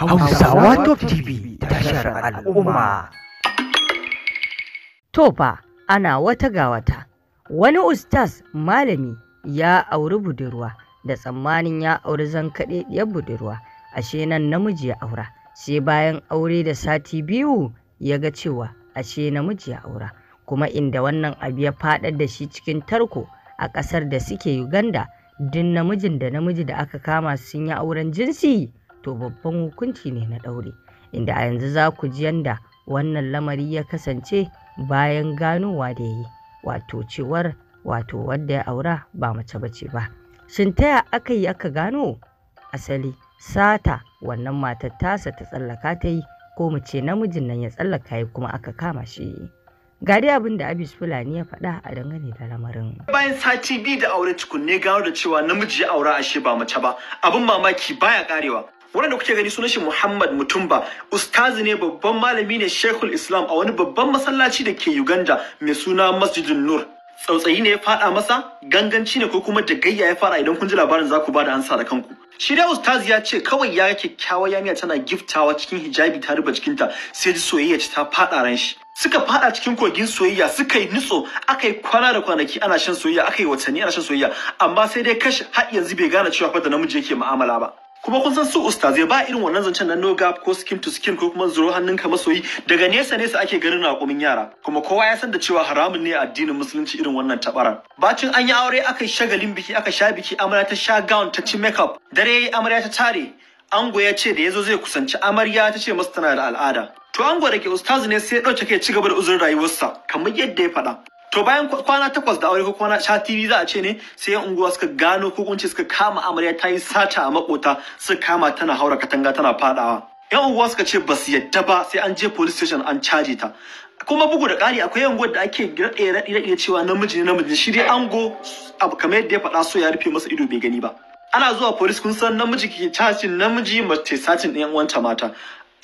Hausawa Top TV tashar al'umma. To fa ana wata ga wata. Wani ustaz malami ya auri budurwa da tsammanin ya auri zankaɗeɗiyar budurwa ashe nan namiji ya aura sai bayan aure da sati biyu ya ga cewa ashe namiji ya aura kuma inda wannan abu ya faɗar da shi cikin tarko a ƙasar da suke Uganda duk namijin da namiji da aka kama sun yi auren jinsi to babban hukunci ne na ɗaure inda a yanzu za ku ji yadda wannan lamari ya kasance bayan ganowa da ya yi wato cewar wato wadda ya aura ba mace ba ce ba shin taya aka yi aka gano asali sata wannan matar tasa ta tsallaka ta yi ko mu ce namijin nan ya tsallaka ya kuma aka kama shi ga dai abin da abis fulani ya faɗa a dangane da lamarin bayan sati biyu da aure tukunne gano da cewa namiji ya aura ashe ba mace ba abin mamaki baya karewa wannan da kuke gani sunan shi Muhammad Mutumba ustazi ne babban malami ne Sheikhul Islam a wani babban masallaci da ke Uganda mai suna Masjidun Nur tsautsayi ne ya fada masa ganganci ne ko kuma da gayya ya fara idan kun ji labarin za ku ba da ansa da kanku shi dai ustazi ya ce kawai ya kyakkyawa yamiya tana giftawa cikin hijabi ta ruba jikinta sai ji soyayya ci ta fada ran shi suka fada cikin kogin soyayya suka yi nutso aka yi kwana da kwanaki ana shan soyayya aka yi watanni ana shan soyayya amma sai dai kashi har yanzu bai gane cewa fa da namiji yake mu'amala ba kuma kun san su ustazai ba irin wannan zancen na no gap ko skin to skin ko kuma zuro hannunka masoyi daga nesa nesa ake ganin naƙumin yara kuma kowa ya san da cewa haramun ne a addinin musulunci irin wannan tabaran bacin an yi aure aka yi shagalin biki aka sha biki amarya ta sha gown ta ci makeup dare yayi amarya ta tare ango ya ce da yazo zai kusanci amarya ta ce masa tana da al'ada to ango da ke ustazu ne sai ya dauke kai cigaba gaba da uzurin rayuwarsa kamar yadda ya faɗa to bayan kwana takwas da aure ko kwana sha tv za a ce ne sai yan unguwa suka gano ko kunce suka kama amarya ta yi sata a makota suka kama tana haura katanga tana fadawa yan unguwa suka ce ba su yadda ba sai an je police station an caje ta kuma bugu da ƙari akwai yan da ake raɗe-raɗe cewa namiji ne namiji shi dai ango abu kamar yadda ya faɗa so ya rufe masa ido bai gani ba ana zuwa police kun san namiji ke cacin namiji mace sacin ɗayan wanta mata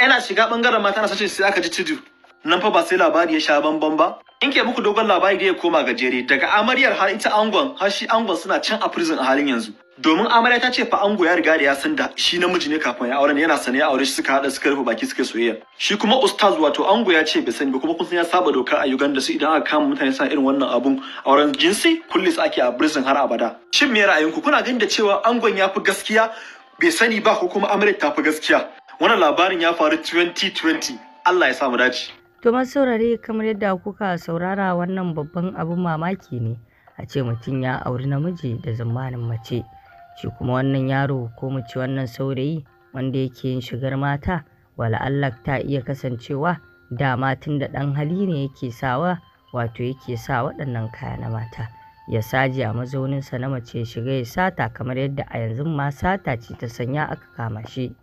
yana shiga ɓangaren mata na sace sai aka ji tudu nan fa ba sai labari ya sha bamban ba In ke muku dogon labari da ya koma gajere daga amaryar har ita angon har shi angon suna can a prison a halin yanzu domin amarya ta ce fa ango ya riga da ya san da shi namiji ne kafin ya auren yana sane ya aure shi suka hada suka rufe baki suka soyayya shi kuma ustaz wato ango ya ce bai sani ba kuma kun san ya saba dokar a Uganda su idan aka kama mutane sa irin wannan abun auren jinsi su ake a prison har abada shin me ra'ayinku kuna ganin da cewa angon ya fi gaskiya bai sani ba ko kuma amarya ta fi gaskiya wannan labarin ya faru 2020 Allah ya sa mu dace To saurari saurare kamar yadda kuka saurara wannan babban abin mamaki ne a ce mutum ya auri namiji da zamanin mace. Shi kuma wannan yaro ko mu ce wannan saurayi wanda yake yin shigar mata wala'alla ta iya kasancewa Da tun da ɗan hali ne yake sawa wato yake sa waɗannan kaya na mata. Ya saje a mazauninsa na mace shiga ya sata kamar yadda a yanzu ma sata ce ta sanya aka kama shi.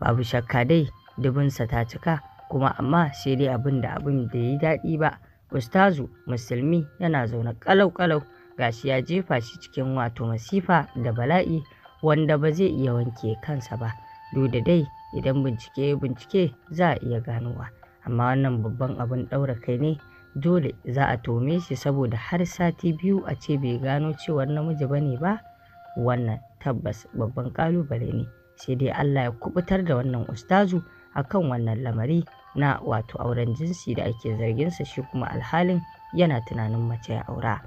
Babu shakka dai dubinsa ta cika. kuma amma sai dai abin da abin da yi daɗi ba ustazu musulmi yana zaune ƙalau ƙalau, ga shi ya jefa shi cikin wato masifa da bala'i wanda ba zai iya wanke kansa ba duk da dai idan bincike bincike za a iya ganowa amma wannan babban abin ɗaura kai ne dole za a tome shi saboda har sati biyu a ce bai gano cewar namiji ba ne ba wannan tabbas babban ƙalubale ne sai dai Allah ya kubutar da wannan ustazu a kan wannan lamari na wato auren jinsi da ake zargin sa shi kuma alhalin yana tunanin mace ya aura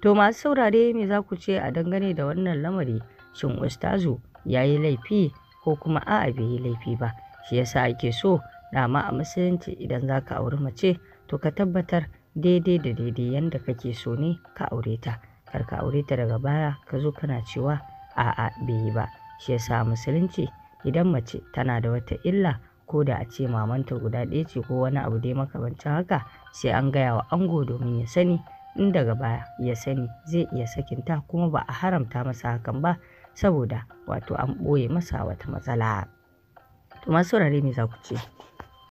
to masu saurare me za ku ce a dangane da wannan lamari shin ustazu ya yi laifi ko kuma a'a bai yi laifi ba shi yasa ake so dama a musulunci idan za ka auri mace to ka tabbatar daidai da daidai yadda kake so ne ka aure ta kar ka aure ta daga baya ka zo kana cewa a'a bai yi ba shi yasa musulunci idan mace tana da wata illa ko da a ce mamanta guda ɗaya ce ko wani abu dai makamancin haka sai an gaya wa ango domin ya sani in daga baya ya sani zai iya sakinta kuma ba a haramta masa hakan ba saboda wato an ɓoye masa wata matsala. To masu za ku ce?